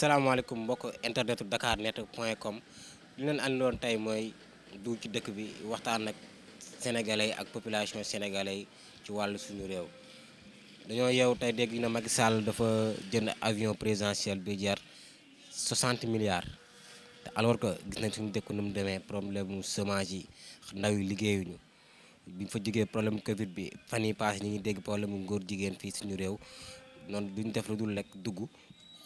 salaamaaleykum mbokk internetu Dakar net point com li leen andiloon tey mooy du ci dëkk bi waxtaan ak sénégalais ak population sénégalais ci wàllu suñu réew dañoo yeew tey dégg na Macky Sall dafa jënd avion présidentiel bi jar 60 milliards te alors que gis nañ suñu dëkk nu mu demee problème mu semence yi ndaw yi liggéeyuñu bi fa jógee problème Covid bi fan yii paase ñu ngi dégg problème mu ngóor jigéen fii suñu réew noonu duñ def lu dul rek dugg.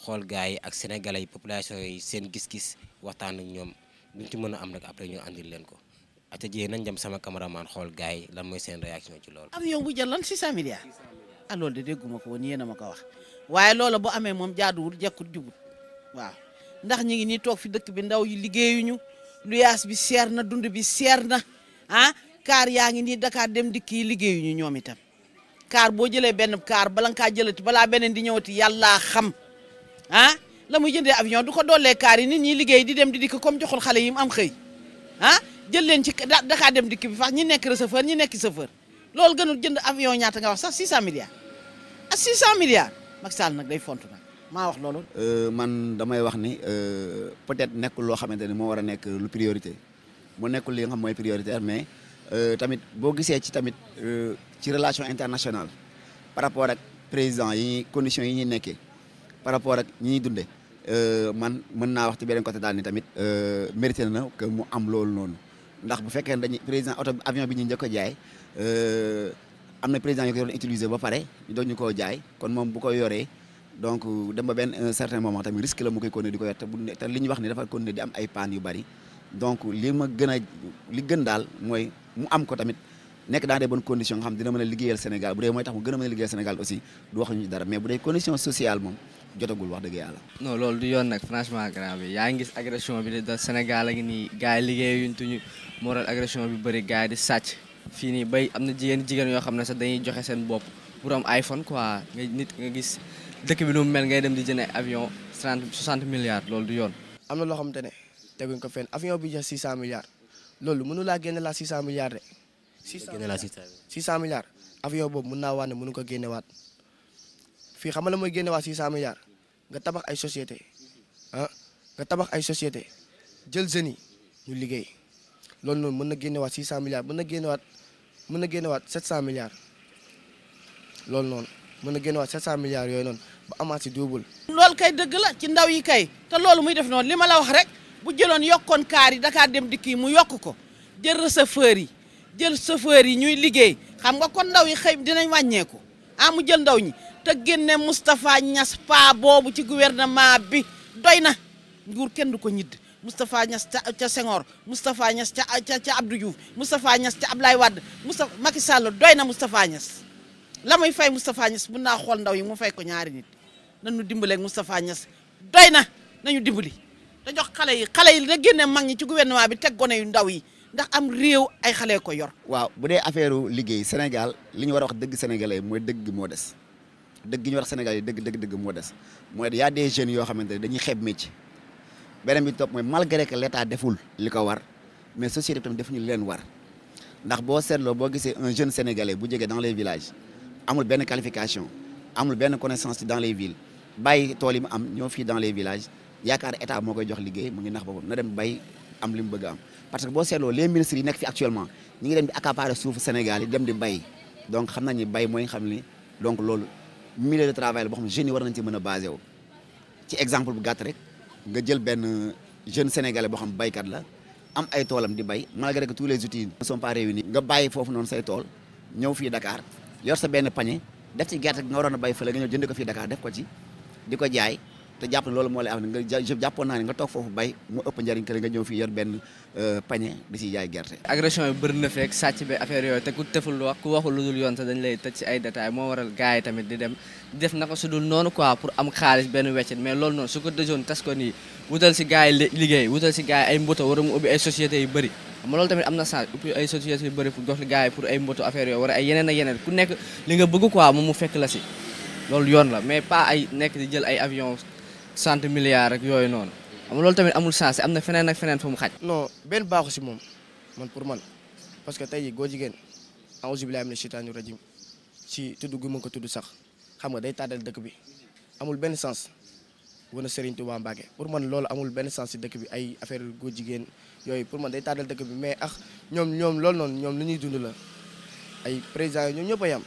xool gars yi ak sénégalais yi population yi seen gis-gis waxtaan ak ñoom luñ ci mën a am nag après ñu andil leen ko a jee nañ dem sama cameraman xool gars yi lan mooy seen réaction ci loolu. avion bu jël lan 600 milliards. ah loolu de dégguma ko woon yéen a ma ko wax waaye loola bu amee moom jaaduwul jekkut jubut waaw ndax ñu ngi nii toog fi dëkk bi ndaw yi liggéeyuñu luyaas bi seer na dund bi seer na ah kaar yaa ngi nii Dakar dem dikk yi liggéeyuñu ñoom itam kaar boo jëlee benn kaar bala nga kaa jëlati balaa beneen di ñëwati yàlla xam. ah la muy jëndee avion du ko doolee kaar nit ñi liggéey di dem di dikk comme joxul xale yi mu am xëy ah jël leen ci Dakar dem dikk bi fax ñi nekk receveur ñi nekk chauffeur loolu gënul jënd avion ñaata nga wax sax 600 milliards ah 600 milliards Macky Sall nag day font nag maa wax loolu. Euh, man damay wax ni euh, peut-être nekkul loo xamante ni moo war a nekk lu priorité mu nekkul li nga xam mooy prioritaire mais euh, tamit boo gisee ci tamit ci relation internationale par rapport ak président yi conditions yi ñuy nekkee. par rapport ak ñi ñuy dundee euh, man mën naa wax ci beneen côté daal ni tamit euh, mérité na que mu am loolu noonu ndax bu fekkee ne dañuy président oto avion bi ñu njëkk jaay euh, am na président yu ko doon utiliser ba pare ñu ñu koo jaay kon moom bu ko yoree donc dem ba benn certain moment tamit risque la mu koy continuer di ko yor te bu te li wax ni dafa continuer di am ay panne yu bari donc li ma gën a li gën daal mooy mu am ko tamit. nekk dans des bonnes conditions nga xam dina mën a liggéeyal Sénégal bu dee mooy tax mu gën a mën a liggéeyal Sénégal aussi du wax ñu dara mais bu dee condition sociale moom jotagul wax dëgg yaa ngi gis am na jigéen jigéen yoo xam ne sax dañuy joxe seen bopp pour am iPhone quoi nga bi nu ngay dem di jëndee avion 30 60 milliards loolu du yoon. am na loo xamante ne teguñ ko fenn avion bi jox 600 loolu mënu laa génne laa 600 de. 600 milliards avion boobu mën naa waat ne mënu ko génnewaat fii xam nga la mooy génnewaat 600 milliards nga tabax ay société ah nga tabax ay société jël jeunes yi ñu liggéey loolu noonu mën na génnewaat 600 milliards mën na génnewaat mën na génnewaat 700 milliards loolu noonu mën na génnewaat 700 milliards yooyu noonu ba amaat si double. loolu kay dëgg la ci ndaw yi kay te loolu muy def noonu li ma la wax rek bu jëloon yokkoon kaar yi dem dikk yi mu yokk ko jël receveur yi. jël chauffeur yi ñuy liggéey xam nga kon ndaw yi xëy dinañ wàññeeku am ah mu jël ndaw ñi te génne Moustapha Niass pa boobu ci gouvernement bi doy na nguur kenn du ko ñidd Moustapha Niass ca ca Senghor Moustapha Niass ca ca Abdou Diouf Moustapha Niass ca Ablaye Wade Moustapha Macky Sall doy na Moustapha Niass la muy fay Moustapha Niass mun naa xool ndaw yi mu fay ko ñaari nit nañu dimbaleeg Moustapha Niass doy na nañu dimbali te jox kale yi xale yi da génne mag ñi ci gouvernement bi teg yu ndaw yi ndax am réew ay xale ko yor. waaw bu dee affaire liggéey Sénégal li ñu war a wax dëgg sénégalais mooy dëgg moo des dëgg ñu wax sénégalais dëgg dëgg dëgg moo des mooy y a des jeunes yoo xamante ne dañuy xeeb métier beneen bi topp mooy malgré que l'état deful li ko war mais société bi tamit defuñu leen war ndax boo seetloo boo gisee un jeune sénégalais bu jógee dans les village amul benn qualification amul benn connaissance dans les villes bàyyi tool yi mu am ñoo fii dans les village yaakaar état moo koy jox liggéey mu ngi nax boppam na dem bay am li mu bëgg am parce que boo seetloo les ministres yi nekk fi actuellement ñi ngi dem di accaparer suufu Sénégal yi dem di bay donc xam nañu bay mooy xam ni donc loolu milieu de travail boo xam ne jeunes war nañ ci mën a basé wu ci exemple bu gàtt rek nga jël benn jeune sénégalais boo xam baykat la am ay toolam di bay malgré que tous les outils ne sont pas réunis nga bàyyi foofu noonu say tool ñëw fii Dakar yor sa benn pañe def ci gerte gi nga waroon a bay fële nga ñëw jënd ko fii Dakar def ko ci di ko jaay te jàpp ne loolu moo lay am naa ne nga toog foofu bay mu ëpp njëriñ kër nga ñëw fii yor benn euh, panier di si jaay gerte. agression yi bëri na feek sàcc bi affaire yooyu te ku tëful wax ku waxul lu dul yoon sax dañ lay tëj si ay détails moo waral gars yi tamit di dem di def naka su dul noonu quoi pour am xaalis benn weccit mais loolu noonu su ko dëjoon tas ko nii wutal si gars liggéey wutal si gars ay mboto war a mu ubbi ay sociétés yu bëri xam loolu tamit am na sens ubbi nekk mu fekk la si yoon la mais pas ay nekk di jël ay avion cent milliards ak yooyu noonu am loolu tamit amul sens am na feneen ak feneen fu mu xaj. non benn baaxu si moom man pour man parce que tey jii góor jigéen auzu billaahi mina sheytaani rajim si tudd gu mu tudd sax xam nga day tàddal dëkk bi amul benn sens wana Serigne Touba Mbacke pour man loolu amul benn sens si dëkk bi ay affaire góor jigéen yooyu pour man day tàddal dëkk bi mais ax ñoom ñoom loolu noonu ñoom lu ñuy dund la ay président yi ñoom ñëpp yam